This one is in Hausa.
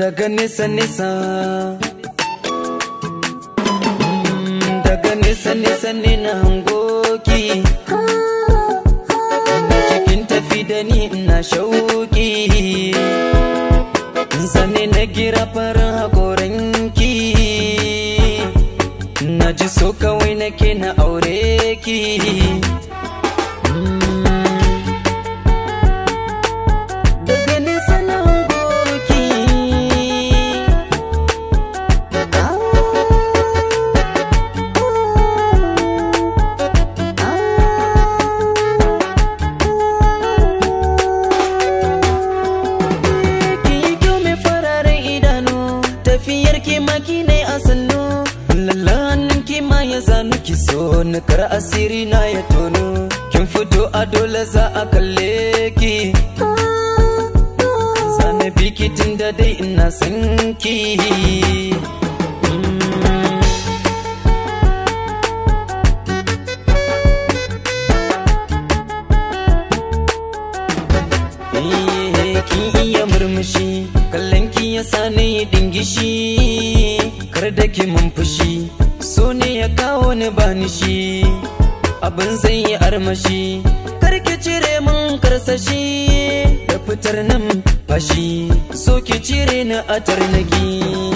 daga nesa nesa mm, daga nesa nesa ne na hangoki na cikin tafi da ni ina shauki zane na gira farin hakoranki na ji so kawai nake na aure ki tafiyar ke maki ne a sannu lallan ke ma ya zanu ki so na kar asiri na ya tono kin fito a dole za a kalle ki zane biki tun da dai ina san ki mm. murmushi kalle sani ya sani dingishi kar da ke mun fushi so ne ya kawo ni bani shi abin zai yi armashi kar ki cire mun karsashi da fitar nan fashi so ki cire ni a tarnaki